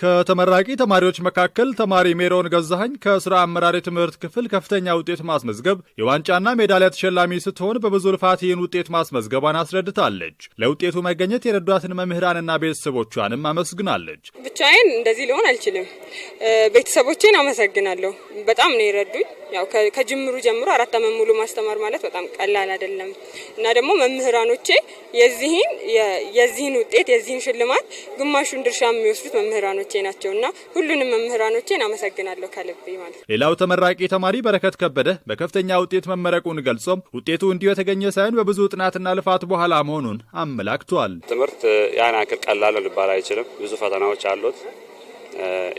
ከተመራቂ ተማሪዎች መካከል ተማሪ ሜሮን ገዛሀኝ ከስራ አመራር የትምህርት ክፍል ከፍተኛ ውጤት ማስመዝገብ የዋንጫና ሜዳሊያ ተሸላሚ ስትሆን በብዙ ልፋት ይህን ውጤት ማስመዝገቧን አስረድታለች። ለውጤቱ መገኘት የረዷትን መምህራንና ቤተሰቦቿንም አመስግናለች። ብቻዬን እንደዚህ ሊሆን አልችልም። ቤተሰቦቼን አመሰግናለሁ። በጣም ነው የረዱኝ። ያው ከጅምሩ ጀምሮ አራት አመት ሙሉ ማስተማር ማለት በጣም ቀላል አይደለም እና ደግሞ መምህራኖቼ የዚህን የዚህን ውጤት የዚህን ሽልማት ግማሹን ድርሻ የሚወስዱት መምህራኖች ወንድሞቼ ናቸው እና ሁሉንም መምህራኖቼን አመሰግናለሁ ከልቤ ማለት ነው። ሌላው ተመራቂ ተማሪ በረከት ከበደ በከፍተኛ ውጤት መመረቁን ገልጾም ውጤቱ እንዲሁ የተገኘ ሳይሆን በብዙ ጥናትና ልፋት በኋላ መሆኑን አመላክቷል። ትምህርት ያን ያክል ቀላል ሊባል አይችልም። ብዙ ፈተናዎች አሉት።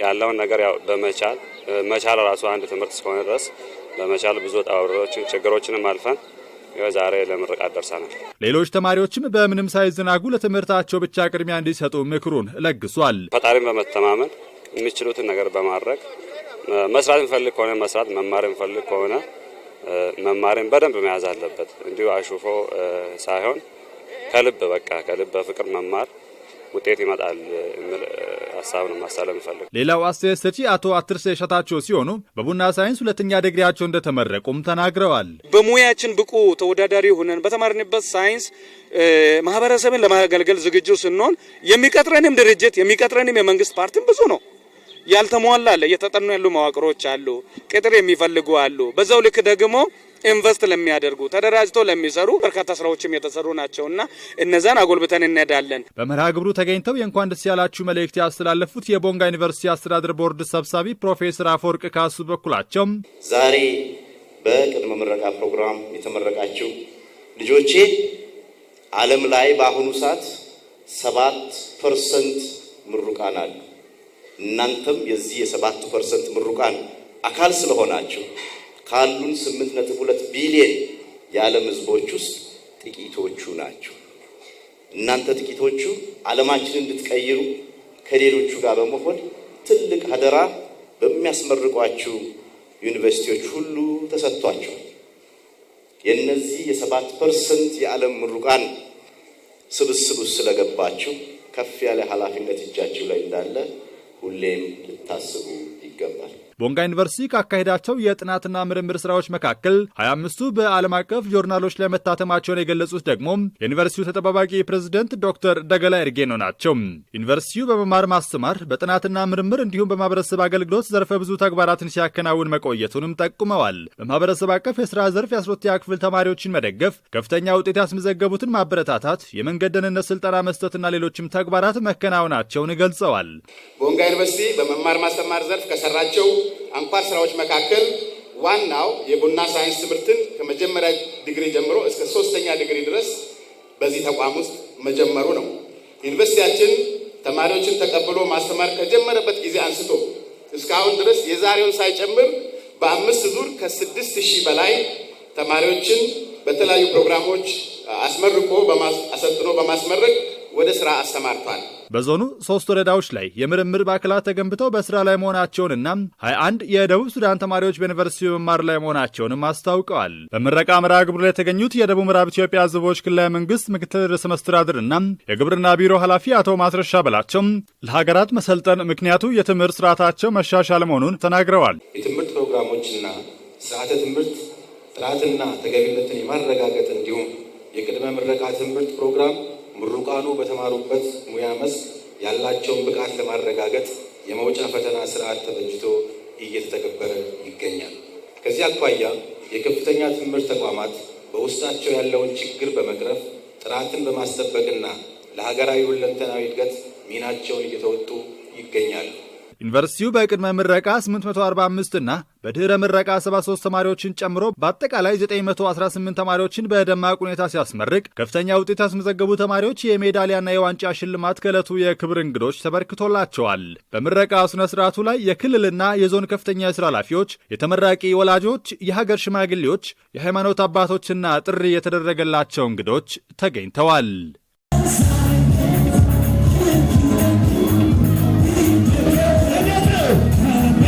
ያለውን ነገር ያው በመቻል መቻል ራሱ አንድ ትምህርት እስከሆነ ድረስ በመቻል ብዙ ውጣ ችግሮችንም አልፈን ዛሬ ለምርቃት ደርሰናል። ሌሎች ተማሪዎችም በምንም ሳይዘናጉ ለትምህርታቸው ብቻ ቅድሚያ እንዲሰጡ ምክሩን ለግሷል። ፈጣሪን በመተማመን የሚችሉትን ነገር በማድረግ መስራት የሚፈልግ ከሆነ መስራት፣ መማር የሚፈልግ ከሆነ መማርን በደንብ መያዝ አለበት። እንዲሁ አሹፎ ሳይሆን ከልብ በቃ ከልብ በፍቅር መማር ውጤት ይመጣል ሀሳብ ነው ማሳለም ሌላው አስተያየት ሰጪ አቶ አትርሰ ሸታቸው ሲሆኑ በቡና ሳይንስ ሁለተኛ ዲግሪያቸው እንደተመረቁም ተናግረዋል። በሙያችን ብቁ ተወዳዳሪ ሆነን በተማርንበት ሳይንስ ማህበረሰብን ለማገልገል ዝግጁ ስንሆን የሚቀጥረንም ድርጅት የሚቀጥረንም የመንግስት ፓርቲም ብዙ ነው ያልተሟላ አለ። እየተጠኑ ያሉ መዋቅሮች አሉ። ቅጥር የሚፈልጉ አሉ። በዛው ልክ ደግሞ ኢንቨስት ለሚያደርጉ ተደራጅቶ ለሚሰሩ በርካታ ስራዎችም የተሰሩ ናቸው እና እነዛን አጎልብተን እንሄዳለን። በመርሃ ግብሩ ተገኝተው የእንኳን ደስ ያላችሁ መልእክት ያስተላለፉት የቦንጋ ዩኒቨርሲቲ አስተዳደር ቦርድ ሰብሳቢ ፕሮፌሰር አፈወርቅ ካሱ በኩላቸው ዛሬ በቅድመ ምረቃ ፕሮግራም የተመረቃችሁ ልጆቼ ዓለም ላይ በአሁኑ ሰዓት ሰባት ፐርሰንት ምሩቃን አሉ። እናንተም የዚህ የሰባት ፐርሰንት ምሩቃን አካል ስለሆናችሁ ካሉን 8.2 ቢሊዮን የዓለም ህዝቦች ውስጥ ጥቂቶቹ ናቸው። እናንተ ጥቂቶቹ ዓለማችንን እንድትቀይሩ ከሌሎቹ ጋር በመሆን ትልቅ አደራ በሚያስመርቋችሁ ዩኒቨርሲቲዎች ሁሉ ተሰጥቷቸዋል። የእነዚህ የሰባት ፐርሰንት የዓለም ምሩቃን ስብስብ ውስጥ ስለገባችሁ ከፍ ያለ ኃላፊነት እጃችሁ ላይ እንዳለ ሁሌም ልታስቡ ቦንጋ ዩኒቨርሲቲ ካካሄዳቸው የጥናትና ምርምር ስራዎች መካከል 25ቱ በዓለም አቀፍ ጆርናሎች ላይ መታተማቸውን የገለጹት ደግሞ የዩኒቨርሲቲው ተጠባባቂ ፕሬዝደንት ዶክተር ደገላ ኤርጌኖ ናቸው። ዩኒቨርሲቲው በመማር ማስተማር፣ በጥናትና ምርምር እንዲሁም በማህበረሰብ አገልግሎት ዘርፈ ብዙ ተግባራትን ሲያከናውን መቆየቱንም ጠቁመዋል። በማህበረሰብ አቀፍ የስራ ዘርፍ የአስሮተኛ ክፍል ተማሪዎችን መደገፍ፣ ከፍተኛ ውጤት ያስመዘገቡትን ማበረታታት፣ የመንገድ ደህንነት ስልጠና መስጠትና ሌሎችም ተግባራት መከናወናቸውን ገልጸዋል። ቦንጋ ዩኒቨርሲቲ በመማር ማስተማር ዘርፍ ከሰራቸው አንኳር ስራዎች መካከል ዋናው የቡና ሳይንስ ትምህርትን ከመጀመሪያ ዲግሪ ጀምሮ እስከ ሶስተኛ ዲግሪ ድረስ በዚህ ተቋም ውስጥ መጀመሩ ነው። ዩኒቨርሲቲያችን ተማሪዎችን ተቀብሎ ማስተማር ከጀመረበት ጊዜ አንስቶ እስካሁን ድረስ የዛሬውን ሳይጨምር በአምስት ዙር ከስድስት ሺህ በላይ ተማሪዎችን በተለያዩ ፕሮግራሞች አስመርቆ አሰልጥኖ በማስመረቅ ወደ ስራ አስተማርቷል። በዞኑ ሶስት ወረዳዎች ላይ የምርምር ማዕከላት ተገንብተው በስራ ላይ መሆናቸውንና 21 የደቡብ ሱዳን ተማሪዎች በዩኒቨርሲቲ መማር ላይ መሆናቸውንም አስታውቀዋል። በምረቃ መርሃ ግብሩ ላይ የተገኙት የደቡብ ምዕራብ ኢትዮጵያ ህዝቦች ክልላዊ መንግስት ምክትል ርዕሰ መስተዳድርና የግብርና ቢሮ ኃላፊ አቶ ማስረሻ በላቸው ለሀገራት መሰልጠን ምክንያቱ የትምህርት ስርዓታቸው መሻሻል መሆኑን ተናግረዋል። የትምህርት ፕሮግራሞችና ስርዓተ ትምህርት ጥራትና ተገቢነትን የማረጋገጥ እንዲሁም የቅድመ ምረቃ ትምህርት ፕሮግራም ምሩቃኑ በተማሩበት ሙያ መስክ ያላቸውን ብቃት ለማረጋገጥ የመውጫ ፈተና ስርዓት ተበጅቶ እየተተገበረ ይገኛል። ከዚህ አኳያ የከፍተኛ ትምህርት ተቋማት በውስጣቸው ያለውን ችግር በመቅረፍ ጥራትን በማስጠበቅና ለሀገራዊ ሁለንተናዊ እድገት ሚናቸውን እየተወጡ ይገኛሉ። ዩኒቨርሲቲው በቅድመ ምረቃ 845 እና በድኅረ ምረቃ 73 ተማሪዎችን ጨምሮ በአጠቃላይ 918 ተማሪዎችን በደማቅ ሁኔታ ሲያስመርቅ ከፍተኛ ውጤት ያስመዘገቡ ተማሪዎች የሜዳሊያና የዋንጫ ሽልማት ከዕለቱ የክብር እንግዶች ተበርክቶላቸዋል። በምረቃ ስነ ስርዓቱ ላይ የክልልና የዞን ከፍተኛ የስራ ኃላፊዎች፣ የተመራቂ ወላጆች፣ የሀገር ሽማግሌዎች፣ የሃይማኖት አባቶችና ጥሪ የተደረገላቸው እንግዶች ተገኝተዋል።